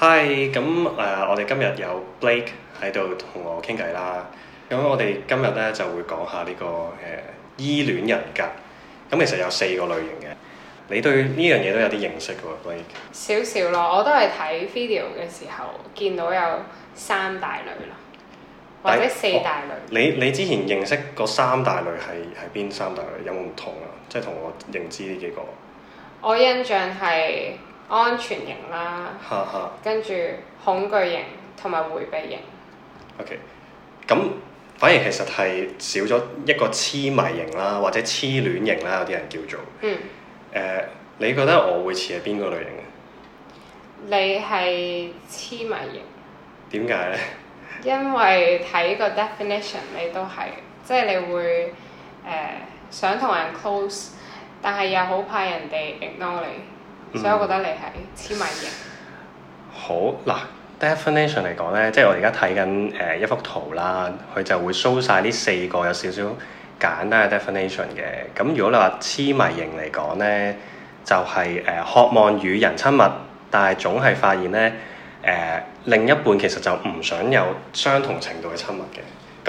hi，咁誒、呃，我哋今日有 Blake 喺度同我傾偈啦。咁我哋今日咧就會講下呢、呢個誒依、呃、戀人格。咁其實有四個類型嘅，你對呢樣嘢都有啲認識嘅喎？Blake，少少咯，我都係睇 video 嘅時候見到有三大類咯，或者四大類。你你之前認識嗰三大類係係邊三大類？有冇唔同啊？即係同我認知呢幾個。我印象係。安全型啦，跟住 恐懼型同埋回避型。OK，咁反而其實係少咗一個痴迷型啦，或者痴戀型啦，有啲人叫做。嗯。Uh, 你覺得我會似係邊個類型啊？你係痴迷型。點解呢？因為睇個 definition，你都係，即係你會、uh, 想同人 close，但係又好怕人哋 ignore 你。嗯、所以我覺得你係痴迷型。好嗱，definition 嚟講咧，即係我而家睇緊誒一幅圖啦，佢就會 show 晒呢四個有少少簡單嘅 definition 嘅。咁如果你話痴迷型嚟講咧，就係、是、誒、呃、渴望與人親密，但係總係發現咧誒、呃、另一半其實就唔想有相同程度嘅親密嘅。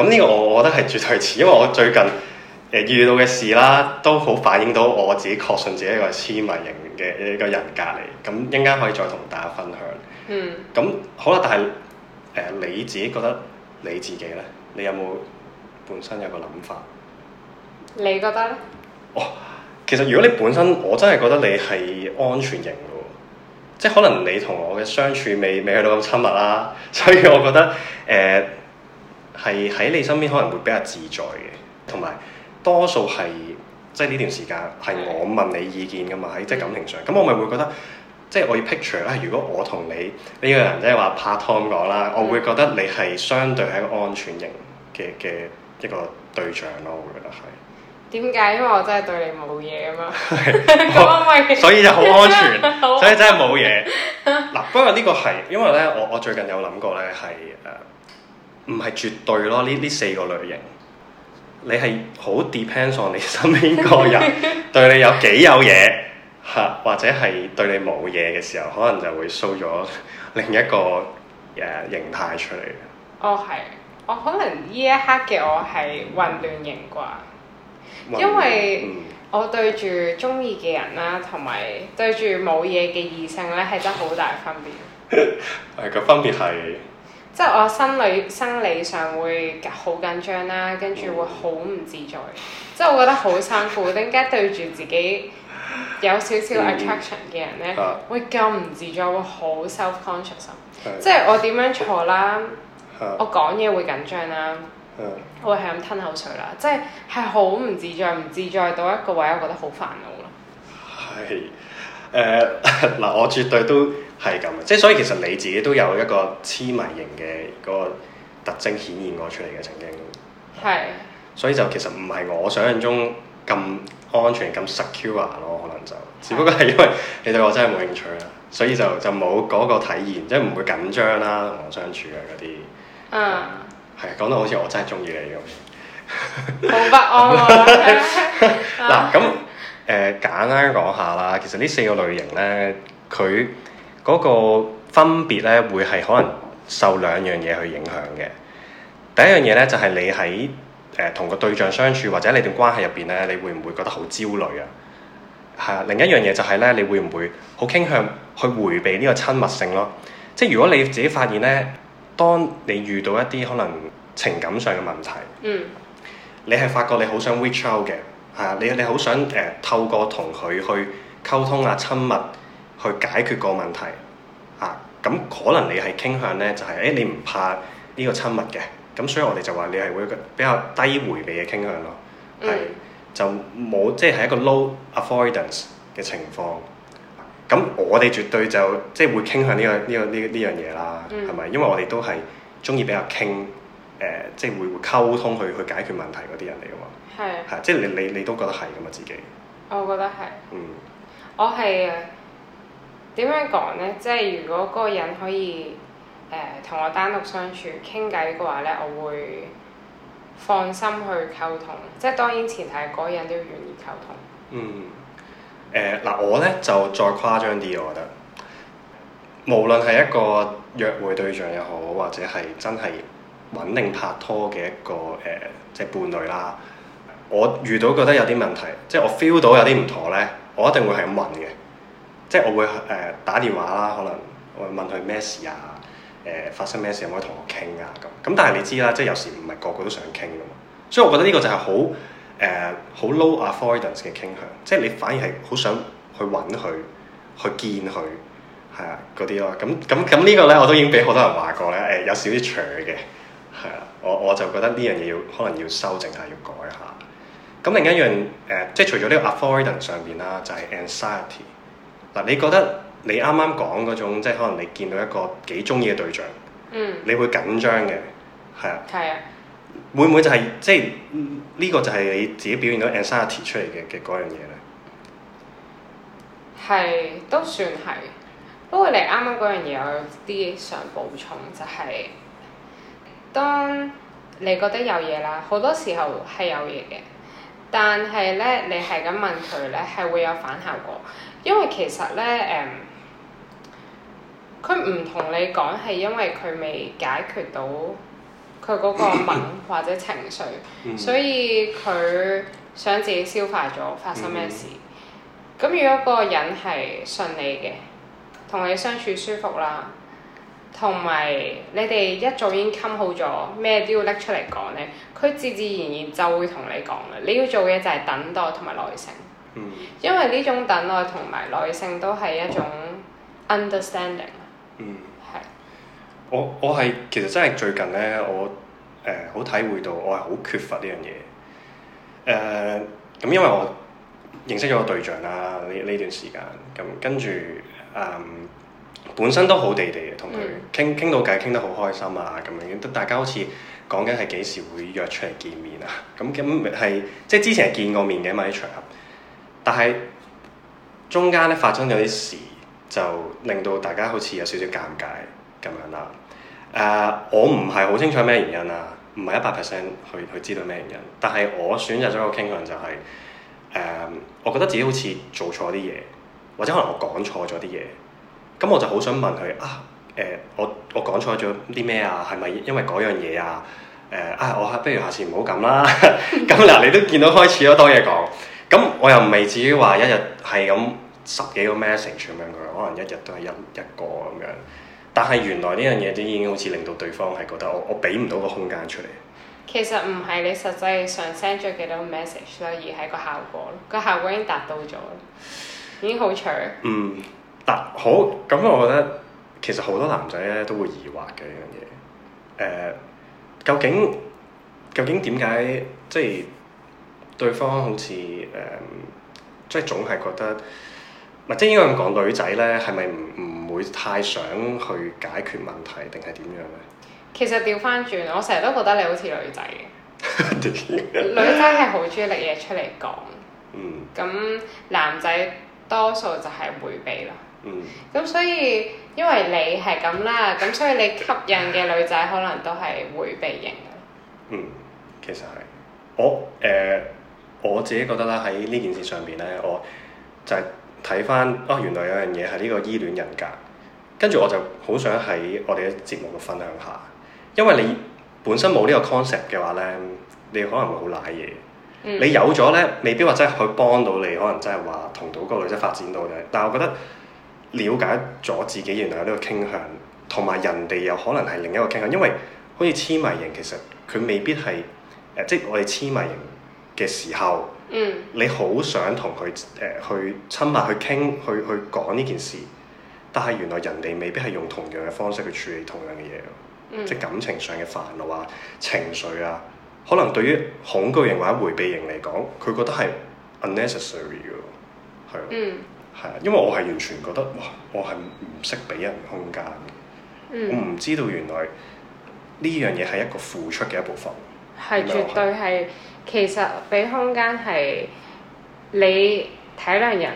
咁呢個我我覺得係絕對似，因為我最近，誒遇到嘅事啦，都好反映到我自己確信自己係一個痴迷型嘅一個人格嚟。咁一陣間可以再同大家分享。嗯。咁好啦，但係誒、呃、你自己覺得你自己呢？你有冇本身有個諗法？你覺得呢？哦，其實如果你本身，我真係覺得你係安全型嘅喎，即係可能你同我嘅相處未未去到咁親密啦，所以我覺得誒係喺你身邊可能會比較自在嘅，同埋。多數係即係呢段時間係我問你意見噶嘛，喺、mm. 即係感情上，咁我咪會覺得即係我要 picture 啦。如果我同你呢、mm. 個人即係、um、話拍拖咁講啦，我會覺得你係相對係一個安全型嘅嘅一個對象咯。我會覺得係點解？因為我真係對你冇嘢啊嘛， 所以就好安全，所以真係冇嘢。嗱， 不過呢個係因為咧，我我最近有諗過咧，係誒唔係絕對咯。呢呢四個類型。你係好 depends on 你身邊個人對你有幾有嘢嚇， 或者係對你冇嘢嘅時候，可能就會 show 咗另一個誒形態出嚟。哦，係，我可能呢一刻嘅我係混亂型啩，嗯、因為我對住中意嘅人啦，同埋對住冇嘢嘅異性咧，係得好大分別。係， 個分別係。即係我生理生理上會好緊張啦，跟住會好唔自在。Mm. 即係我覺得好辛苦，點解對住自己有少少，少 attraction 嘅人咧，mm. 會咁唔自在，會好 self-conscious。Mm. 即係我點樣坐啦？Mm. 我講嘢會緊張啦，我、mm. 會係咁吞口水啦。Mm. 即係係好唔自在，唔自在到一個位，我覺得好煩惱咯。係。Yes. 誒嗱，uh, 我絕對都係咁嘅，即係所以其實你自己都有一個痴迷型嘅嗰個特徵顯現過出嚟嘅，曾經。係是、嗯。所以就其實唔係我想象中咁安全咁 secure 咯，可能就只不過係因為你對我真係冇興趣啦，所以就就冇嗰個體驗，即係唔會緊張啦，同我相處嘅嗰啲。嗯。係、uh. 嗯、講到好似我真係中意你咁。好、嗯、 不安。嗱、okay. 咁、 嗯。 誒、呃、簡單講下啦，其實呢四個類型咧，佢嗰個分別咧，會係可能受兩樣嘢去影響嘅。第一樣嘢咧，就係、是、你喺誒同個對象相處或者你段關係入邊咧，你會唔會覺得好焦慮啊？係，另一樣嘢就係咧，你會唔會好傾向去迴避呢個親密性咯？即係如果你自己發現咧，當你遇到一啲可能情感上嘅問題，嗯、你係發覺你好想 withdraw 嘅。啊！你你好想誒、呃、透過同佢去溝通啊、親密去解決個問題啊！咁可能你係傾向呢，就係、是、誒、欸、你唔怕呢個親密嘅，咁所以我哋就話你係會比較低回避嘅傾向咯，係、嗯、就冇即係一個 low avoidance 嘅情況。咁我哋絕對就即係、就是、會傾向呢、這個呢、這個呢呢樣嘢啦，係咪、嗯？因為我哋都係鍾意比較傾。誒、呃，即係會會溝通去去解決問題嗰啲人嚟嘅嘛，係的，係即係你你你都覺得係㗎嘛自己？我覺得係。嗯，我係點樣講呢？即係如果嗰個人可以誒同、呃、我單獨相處傾偈嘅話呢，我會放心去溝通。即係當然前提係嗰人都願意溝通。嗯。嗱、呃，我呢就再誇張啲，我覺得無論係一個約會對象又好，嗯、或者係真係穩定拍拖嘅一個誒、呃，即係伴侶啦。我遇到覺得有啲問題，即係我 feel 到有啲唔妥咧，我一定會係咁問嘅，即係我會誒、呃、打電話啦，可能我問佢咩事啊，誒、呃、發生咩事，有冇同我傾啊咁。咁但係你知啦，即係有時唔係個個都想傾噶嘛。所以我覺得呢個就係好誒好 low avoidance 嘅傾向，即係你反而係好想去揾佢、去見佢，係啊嗰啲咯。咁咁咁呢個咧我都已經俾好多人話過咧，誒、呃、有少少扯嘅。係啊，我我就覺得呢樣嘢要可能要修正下，要改下。咁另一樣誒、呃，即係除咗呢個 avoidance 上邊啦，就係、是、anxiety。嗱、呃，你覺得你啱啱講嗰種，即係可能你見到一個幾中意嘅對象，嗯、你會緊張嘅，係啊，係啊，會唔會就係、是、即係呢、嗯這個就係你自己表現到 anxiety 出嚟嘅嘅嗰樣嘢咧？係都算係，不過你啱啱嗰樣嘢我有啲想補充、就是，就係。當你覺得有嘢啦，好多時候係有嘢嘅，但係咧你係咁問佢咧，係會有反效果，因為其實咧誒，佢唔同你講係因為佢未解決到佢嗰個敏感或者情緒， 所以佢想自己消化咗發生咩事。咁 如果一個人係信你嘅，同你相處舒服啦。同埋你哋一早已經冚好咗，咩都要拎出嚟講咧，佢自自然然就會同你講啦。你要做嘅就係等待同埋耐性。嗯。因為呢種等待同埋耐性都係一種 understanding。嗯。係。我我係其實真係最近咧，我誒好、呃、體會到我係好缺乏呢樣嘢。誒、呃，咁因為我認識咗個對象啦，呢呢段時間咁，跟住嗯。本身都好地地嘅，同佢傾傾到偈，傾得好開心啊咁樣，都大家好似講緊係幾時會約出嚟見面啊，咁咁係即係之前係見過面嘅嘛啲場合，但係中間咧發生咗啲事，就令到大家好似有少少尷尬咁樣啦。誒、呃，我唔係好清楚咩原因啊，唔係一百 percent 去去知道咩原因，但係我選擇咗個傾向就係、是、誒、呃，我覺得自己好似做錯啲嘢，或者可能我講錯咗啲嘢。咁我就好想問佢啊，誒、欸、我我講錯咗啲咩啊？係咪因為嗰樣嘢啊？誒、欸、啊！我不如下次唔好咁啦。咁 嗱，你都見到開始咗多嘢講。咁我又唔係至於話一日係咁十幾個 message 傳俾佢，可能一日都係一一個咁樣。但係原來呢樣嘢都已經好似令到對方係覺得我我俾唔到個空間出嚟。其實唔係你實際上 send 咗幾多 message，所以係個效果咯。個效果已經達到咗，已經好長。嗯。啊、好，咁、嗯、我覺得其實好多男仔咧都會疑惑嘅一樣嘢，誒、呃、究竟究竟點解即係對方好似誒、嗯、即係總係覺得，唔即係應該咁講，女仔咧係咪唔唔會太想去解決問題定係點樣咧？其實調翻轉，我成日都覺得你好似女仔嘅， 女仔係好中意拎嘢出嚟講，嗯，咁男仔多數就係迴避啦。嗯，咁所以因為你係咁啦，咁所以你吸引嘅女仔可能都係回避型嘅。嗯，其實係我誒、呃、我自己覺得啦，喺呢件事上邊咧，我就係睇翻哦，原來有樣嘢係呢個依戀人格，跟住我就好想喺我哋嘅節目度分享下，因為你本身冇呢個 concept 嘅話咧，你可能會好賴嘢。嗯、你有咗咧，未必話真係可以幫到你，可能真係話同到嗰個女仔發展到嘅，但係我覺得。了解咗自己原來有呢個傾向，同埋人哋有可能係另一個傾向，因為好似痴迷型其實佢未必係誒、呃，即係我哋痴迷型嘅時候，嗯、你好想同佢誒去親密去傾去去講呢件事，但係原來人哋未必係用同樣嘅方式去處理同樣嘅嘢，嗯、即係感情上嘅煩惱啊、情緒啊，可能對於恐懼型或者回避型嚟講，佢覺得係 unnecessary 嘅，係。嗯。因為我係完全覺得，哇！我係唔識俾人空間嘅、嗯、我唔知道原來呢樣嘢係一個付出嘅一部分。係。絕對係，其實俾空間係你體諒人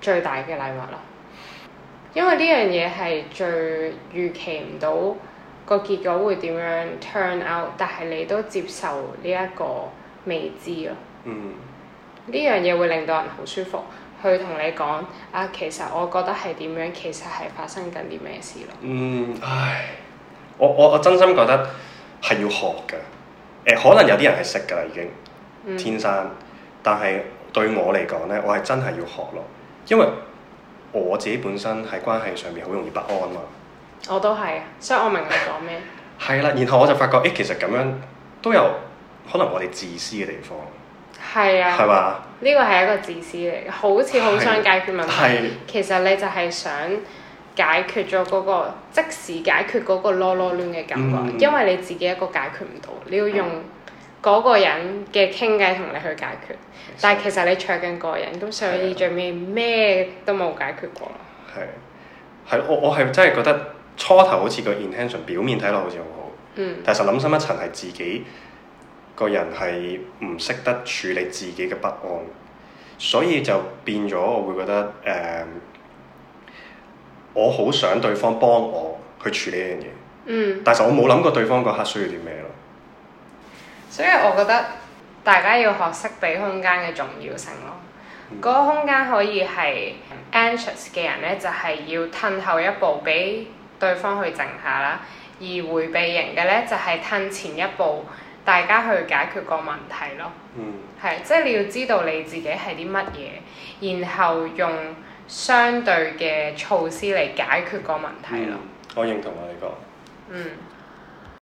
最大嘅禮物啦。因為呢樣嘢係最預期唔到個結果會點樣 turn out，但係你都接受呢一個未知咯。嗯。呢樣嘢會令到人好舒服。去同你講啊，其實我覺得係點樣，其實係發生緊啲咩事咯。嗯，唉，我我我真心覺得係要學㗎、欸。可能有啲人係識㗎啦，已經、嗯、天生。但係對我嚟講呢，我係真係要學咯，因為我自己本身喺關係上面好容易不安嘛。我都係，所以我明你講咩。係啦， 然後我就發覺，誒、欸，其實咁樣都有可能我哋自私嘅地方。係啊，呢個係一個自私嚟，好似好想解決問題，其實你就係想解決咗嗰、嗰個，即時解決嗰個囉囉攣嘅感覺，嗯、因為你自己一個解決唔到，嗯、你要用嗰個人嘅傾偈同你去解決，的但係其實你搶緊個人，咁所以最尾咩都冇解決過。係，係我我係真係覺得初頭好似個 intention 表面睇落好似好好，嗯、但係實諗深，深一層係自己。個人係唔識得處理自己嘅不安，所以就變咗。我會覺得誒、呃，我好想對方幫我去處理呢樣嘢，嗯、但係我冇諗過對方嗰刻需要啲咩咯。嗯、所以我覺得大家要學識俾空間嘅重要性咯。嗰、嗯、個空間可以係 anxious 嘅人咧，就係、是、要褪後一步俾對方去靜下啦；而回避型嘅咧，就係、是、褪前一步。大家去解決個問題咯，係、嗯，即係你要知道你自己係啲乜嘢，然後用相對嘅措施嚟解決個問題咯、嗯。我認同啊、呢個，你講。嗯。